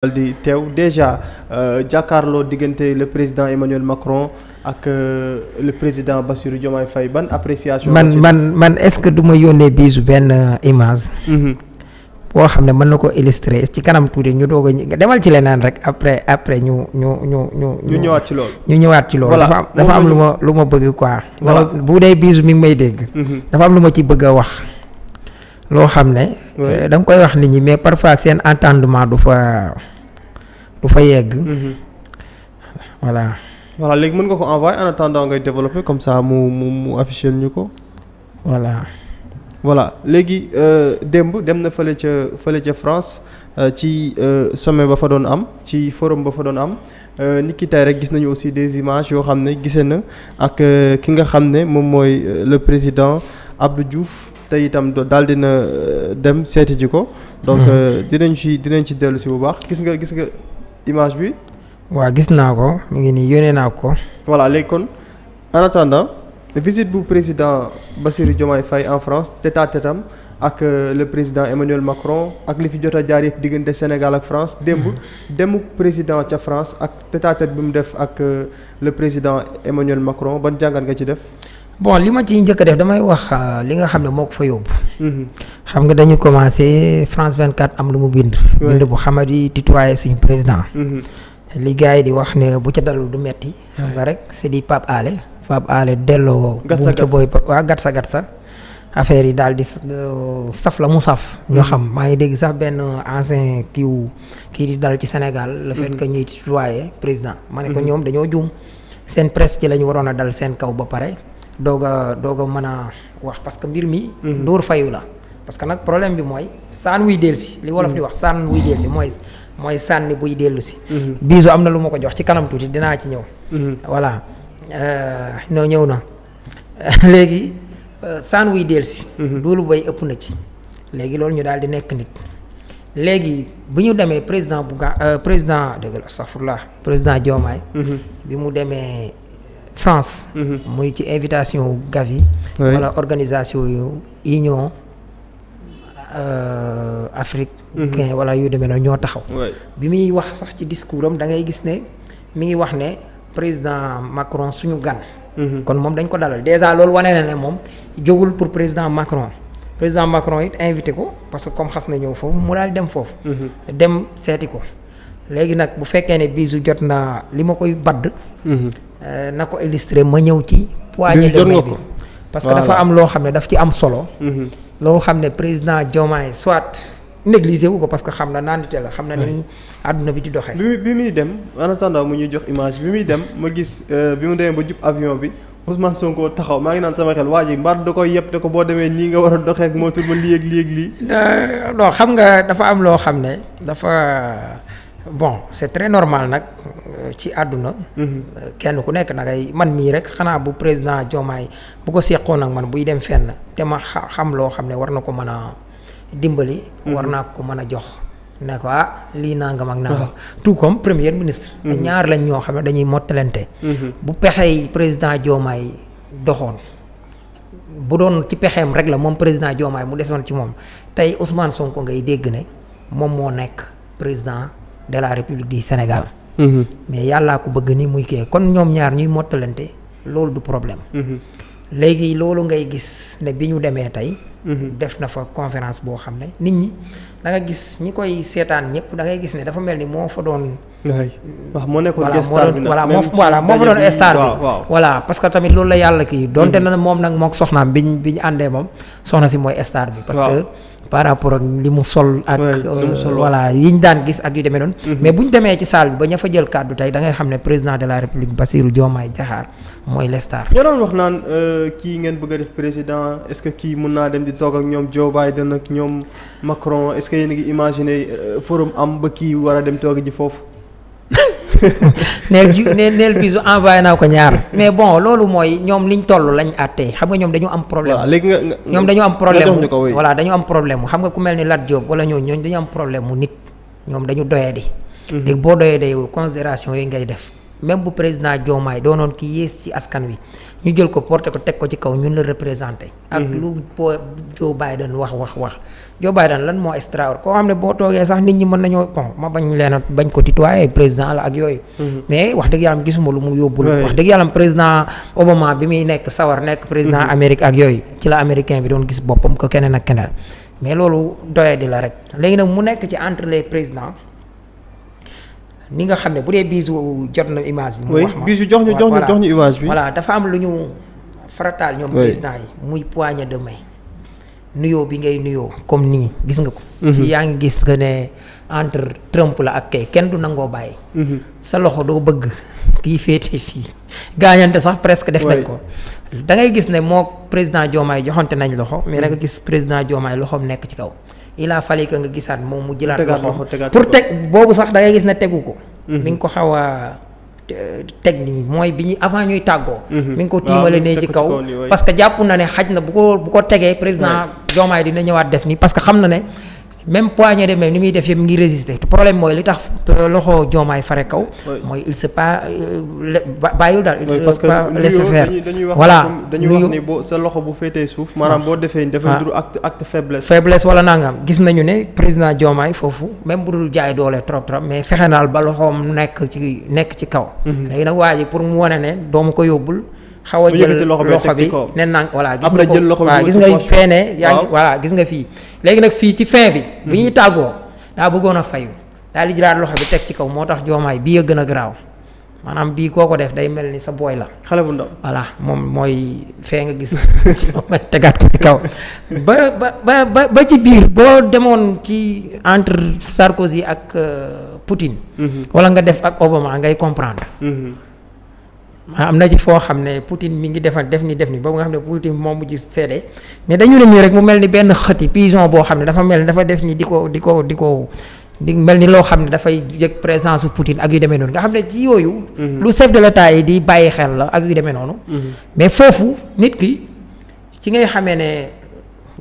daal di teew déjà euh, jàkkaarloo diggante le président Emmanuel Macron ak euh, le président Bassirou Diomaye Faye ban appréciation. man man man est-ce que du ma yónnee bisu benn euh, image. Mhm. boo xam ne mën na ko illustrer ci kanam tuuti ñu doog a demal ci leneen rek après après ñu ñu ñu ñu. ñu ñëwaat ci loolu ñu ñëwaat ci loolu. dafa am dafa am lu ma lu ma bëgg quoi. voilà bu dee bisu mi ngi may dégg. Mhm. dafa am lu ma ci bëgg a wax. loo xam ne. da nga koy wax nit ñi mais parfois seen entendement du fa. du fa yegg. Mhm. voilà. voilà léegi mën nga ko envoyer en attendant ngay développer comme ça mu mu mu afficher ñu ko. voilà. voilà léegi euh, démb dem na fële ca fële ca France euh, ci euh, sommet ba fa doon am ci forum ba fa doon am nit ki tey rek gis nañu aussi des images yoo xam ne gisee na ak ki nga xam ne moom mooy le président Abdou Diouf te itam daal dina dem seeti ji ko. donc mhm. dinañ ci dinañ ci dellu si bu baax gis nga gis nga. image bi. waaw gis naa ko mu ngi nii yónnee naa ko. voilà léegi kon en attendant visite bu président Bassirou Diomaye fay en France tête à ak euh, le président Emmanuel Macron ak li fi jot a jaar yëpp diggante Sénégal ak France. démb hmm. demu président ca France ak tête à bi mu def ak euh, le président Emmanuel Macron ban jàngat nga ci def. bon li ma ci njëkk a def damay wax euh, li nga xam ne moo ko fa yóbbu. Mm-hmm. xam nga dañu commencé France vingt 24 am lu mu bind. bind bu xamadi yi tutoyé suñu président. Mm-hmm. li gars yi di wax ne bu ca dalul du metti xam nga rek c'est di Pape Alé. Pape Alé delloo. gatsa gatsa booy waa gatsa gatsa. affaire yi daal di euh, saf la mu saf. ñu mm-hmm. xam maa ngi dégg sax benn ancien kii wu kii di dal ci Sénégal. le fait que ñuy tutoyé président. ma ne ko ñoom dañoo juum. seen presse ci la ñu waroon a dal seen kaw ba pare. doog a doog a mën a wax parce que mbir mi. Mhm. dóor fayu la parce que nag problème bi mooy saan wuy dellu si li wolof di mhm. wax saan wuy dellu si mooy mooy sànni buy dellu si. Mhm. biisu am na lu ma ko jox ci kanam tuuti dinaa ci ñëw. voilà ñoo euh, ñëw na léegi euh, saan wuy dellu si. loolu bay ëpp na ci léegi loolu ñu daal di nekk nit. léegi bu ñu demee président Bouga euh, président dëgg la président Diomaye. bi mu demee France. Mhm. muy ci invitation wu Gavi. wala organisation yu Union euh, Afrique. Mhm. wala yu demee na ñoo taxaw. bi muy wax sax ci discours am da ngay gis ne mi ngi wax ne président Macron suñu gan. Mhm. kon moom dañ ko dalal déjà loolu wane na ne moom jógul pour président Macron. président Macron it invité ko parce que comme xas na ñëw foofu mu daal dem foofu. dem seeti ko léegi nag bu fekkee ne bisu jot naa li ma koy badd. Euh, na ko illustré ma ñëw ci poignée de main bi parce que dafa am loo xam ne daf ci am solo mhm. loo xam ne président jomaa yi soit négligé wu ko parce que xam na naandite la xam na ni àdduna bi di doxee bi bi muy dem en attendant mu ñuy jox image bi muy dem ma gis euh, bi mu demee ba jub avion bi Ousmane Sonko taxaw maa ngi naan sama xel waa ji mbaar da koy yëpp te ko boo demee nii nga war a doxee ak motul ma lii ak lii ak lii euh, non xam nga dafa am loo xam ne dafa bon c'est très normal nag euh, ci àdduna. Mhm. kenn ku nekk nag ay man mii rek xanaa bu président Diomaye bu ko seqoon nag man buy dem fenn te ma xam loo xam ne war na ko mën a dimbali. Mhm. war naa ko mën a jox. ne ko ah lii nangam ak nangam. Ah. tout comme premier ministre. Mhm. ñaar lañ ñoo xam ne dañuy mottalante. bu pexey président Diomaye doxoon. bu doon ci pexeem rek la moom président Diomaye mu desoon ci moom tey Ousmane Sonko ngay dégg ne moom moo nekk président. de la di Sénégal. Mhm. mais yàllaa ko bëgg ni muy kii kon ñoom ñaar ñuy mottalante loolu du problème. Mhm. léegi loolu ngay gis ne bi ñu demee tey. Mm-hmm. def na fa conférence boo xam ne nit ñi da nga gis ñi koy seetaan ñëpp da ngay gis ne dafa mel ni moo fa doon. wax moo nekkoon star bi voilà moo voilà moo fa doon star bi voilà parce que tamit loolu la yàlla kii donte mm-hmm. na moom nag mook soxnaam biñ bi ñu àndee moom soxna si mooy star bi. parce que par rapport ak li mu sol. ak euh, voilà yi ñu daan gis ak yu demee noonu. Mm-hmm. mais bu ñu demee ci salle bi ba ña fa jël kàddu tey da ngay xam ne président de la république Bassirou Diomaye Diakhar mooy l' star. ñoo wax naan euh, kii ngeen a di toog ak ñoom Joe Biden ak ñoom Macron est-ce que yéen a ngi imaginer euh, forum am ba kii war a dem toog ji foofu. neel ji neel bisu envoyé naa ko ñaar mais bon loolu mooy ñoom liñ toll lañ àttee xam nga ñoom dañu am problème léegi ñoom dañu am problème voilà dañu am problème xam nga ku mel ni Lat Diop wala ñooñu ñooñu dañu am problème mu nit ñoom dañu doyadi mhm. léegi boo doyadee yow yi ngay def même bu président Diomaye doonoon ki yées ci askan wi ñu jël ko porté ko teg ko ci kaw ñun la représenté. ak mhm. lu po Joe Biden wax wax wax. Joe Biden lan moo extraordinaire koo xam ne boo toogee sax nit ñi mën nañoo bon ma bañ leen a bañ ko tutoyer président la ak yooyu. Mhm. mais wax dëgg yàlla gisuma lu mu yóbbul. wax dëgg yàlla président Obama bi muy nekk sawar nekk. président mhm. Amérique ak yooyu ci la américain bi doon gis boppam ko keneen ak keneen mais loolu doyadi la rek léegi nag mu nekk ci entre les présidents. ni nga xam ne bu dee bisu jot na image bi. mu wax ma bisu jox ñu jox ñu jox image bi. voilà dafa am lu ñu farataal ñoom président yi. muy poignée de main. nuyoo bi ngay nuyoo comme nii gis nga ko. Mhm. fii yaa ngi gis que ne entre Trump la ak kay kenn du nangoo bàyyi. Mhm. sa loxo doo bëgg kii féete fii gaañante sax presque def nañ ko. da ngay gis ne moo président Diomaye joxante nañ loxo mais da nga gis président Diomaye loxoom nekk ci kaw. il a fallu que nga gisaat moom mu jëlaat loxo pour teg boobu sax da ngay gis ne tegu ko mhm. mi ngi ko xaw a teg nii mooy bi ñuy avant ñuy tàggoo mhm. mi ngi ko tiimale ne ci kaw parce que jàpp na ne xaj na bu ko bu ko tegee président Diomaye dina ñëwaat def nii parce que xam na ne même poignée de même ni muy def yëpp ngi résister problème mooy li tax loxo joomaay fare kaw. mooy il se pas euh, bàyyul daal. il se pas laisser faire voilà. dañuy wax ni sa loxo bu féetee suuf. maanaam ah. boo defee dafay duru ah. acte acte faiblesse. wala nangam gis nañu ne président joomaay foofu même bu dul jaay doole trop trop mais fexe naal ba loxoom nekk ci nekk ci kaw. Mhm. léegi nag waa pour mu wane ne doomu ko yóbbul. xaw a jël loxo bi ne nang voilà gis nga ko waaw nga feene yaa ngi voilà gis nga fii léegi nag fii ci fin bi bu ñuy hmm. tàggoo daa bëggoon a fayu daal di jëlaat loxo bi teg ci kaw moo tax joomaay bii a gën a garaaw maanaam bii koo ko def day mel ni sa booy la xale bu ndaw voilà moom mooy fee nga gis tegaat ko ci kaw ba ba ba ba ci biir boo demoon ci entre Sarkozy ak euh, Poutine hmm. wala nga def ak Obama ngay comprendre hmm. maanaam am na ci foo xam ne Poutine mi ngi defal def ni def ni boobu nga xam ne Poutine moom mujj seede mais dañu ne nii mu mel ni benn xëti pigeon boo xam ne dafa mel ni dafa def ni di ko di ko di ko di mel ni loo xam ne dafay yëg présence su ak yu demee noonu nga xam ne ci yooyu. Mhm. lu chef de l'État yi di bàyyi xel la ak yu demee noonu. Mhm. mais foofu nit ki ci ngay xamee ne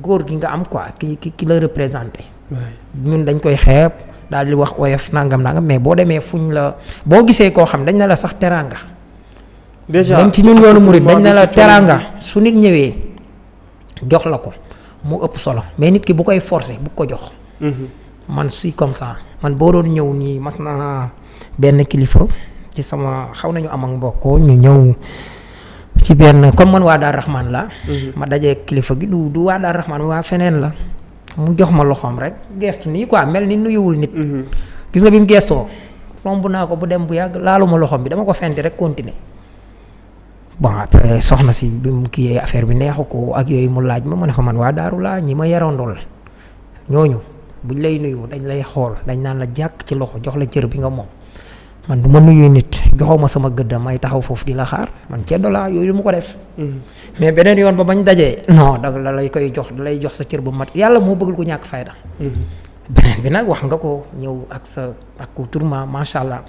góor gi nga am quoi ki ki ki la représenté. ñun dañ koy xeeb daal di wax oyof nangam nangam mais boo demee fuñ la boo gisee koo xam dañ ne la sax teraanga. déjà ci ñun yoonu murit dañ ne la teraanga su nit ñëwee jox la ko mu ëpp solo mais nit ki bu koy forcer bu ko jox. Mm-hmm. man si comme ça man boo doon ñëw nii mas naa benn kilifa ci sama xaw nañu am ak mbokkoo ñu ñëw ci benn comme man waa Daar Rahman la mm-hmm. ma dajee kilifa gi du du waa Daar Rahman waa feneen la. mu jox ma loxoom rek gestu nii quoi mel ni nuyuwul nit. Mm-hmm. gis nga bi mu gestoo romb naa ko bu dem bu yàgg laaluma loxoom bi dama ko fenti rek continuer bon après soxna si bi mu kii affaire bi neexu ko ak yooyu mu laaj ma ma ne ko man waa daaru laa ñi ma yarandool ñooñu buñ lay nuyu dañ lay xool dañ naan la jàkk ci loxo jox la cër bi nga moom man du ma nuyu nit joxoo ma sama gëdd may taxaw foofu di la xaar man ceddo laa yooyu mu ko def. Mm-hmm. mais beneen yoon ba bañ dajee. non da la lay koy jox da lay jox sa cër bu mat yàlla moo bëggul ko ñàkk fayda. Mm-hmm. beneen bi nag wax nga ko ñëw ak sa ak ko tourment macha allah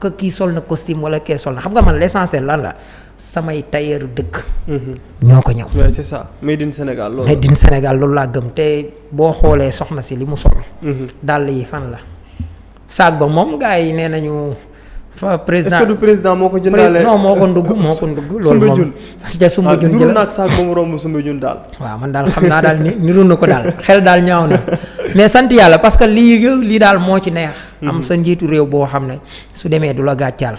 que kii sol na costume wala kee sol na xam nga man l'essentiel lan la samay tailleur dëkk. Mhm. ñoo ko ñëw. c'est ça made in Sénégal loolu. loolu laa gëm te boo xoolee soxna si li mu sol. Mhm. dàll yi fan la. saag ba moom gars yi nee nañu. fa président du président moo ko jëndalee non moo ko ndugg moo ko ndugg. loolu moom sumba jun ah, jël waaw nag saag ba mu romb sumba jun daal. waaw man daal xam naa daal ni niru na ko daal xel daal ñaaw na. mais sant yàlla parce que lii lii daal moo ci neex. Hmm. am sa njiitu réew boo xam ne su demee du la gàccaal.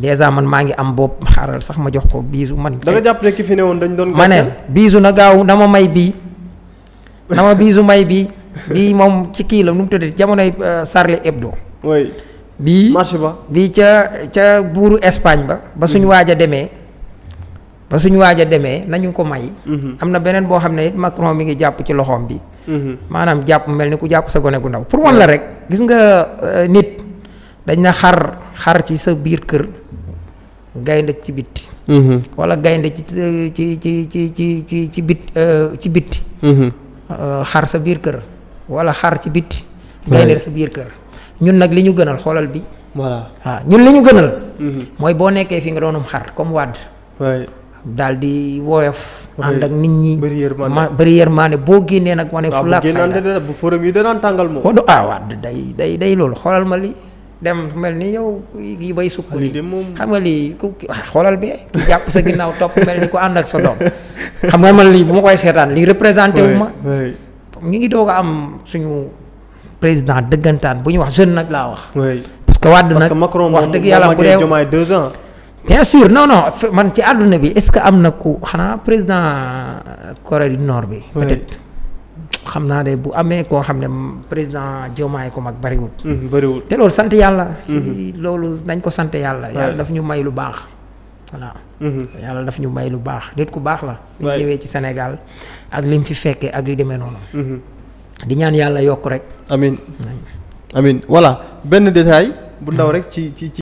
dèjà man maa ngi am bopp xaaral sax ma jox ko biisu man. da nga jàpp ne woon dañ doon. ma ne biisu na gaaw na ma may bii na ma biisu may bii bii moom ci kii la nu mu tuddee jamonoy euh, Charlie Hebdo. bii bii ca ca buuru Espagne ba. ba suñu hmm. waaj a demee. ba suñu waaj a demee nañu ko may. Mhm. am na beneen boo xam ne Macron mi ngi jàpp ci loxoom bi. Mhm. maanaam jàpp mel ni ku jàpp sa gone gu ndaw pour wan na rek gis nga euh, nit dañ na xar ci sa biir kër gaynde ci bitti. Mhm. wala gaynde ci euh, ci ci ci ci ci ci bit euh, ci xar sa biir kër wala xar ci bitti. gaynde sa biir kër ñun nag li ñu gënal xoolal bi. voilà ñun li ñu gënal. mooy boo nekkee fi nga doonum xar comme wàdd. daal di woyof. ànd ak nit ñi bëri yërmande ma bëri yërmande boo génnee nag. wane fu la fayda bu forum yi danaan tàngal moom. ah waaw day day day loolu xoolal ma li dem mel ni yow kii bay sukk nii xam nga lii ku ah, xoolal bi ki jàpp sa ginnaaw topp mel ni ku ànd ak sa doom xam nga ma lii bu ma koy seetaan lii représenté wu ma. ñu ngi doog am suñu président dëggantaan bu ñu wax jeune nag laa wax. parce que nag wax dëgg yàlla bu dee bien sûr non non man ci àdduna bi est-ce que am na ku xanaa président euh, Corée du Nord bi. peut xam naa de bu amee koo xam ne président Diomaye ko mag bariwul. Mm-hmm, bariwul te loolu sant yàlla. Mm-hmm. loolu nañ ko sant yàlla. yàlla daf ñu may lu baax. voilà. Mm-hmm. yàlla daf ñu may lu baax nit ku baax la. waay bi ñëwee ci Sénégal ak lim fi fekkee ak li demee noonu. di ñaan yàlla yokk rek. amin amin benn détail bu ndaw rek ci ci ci.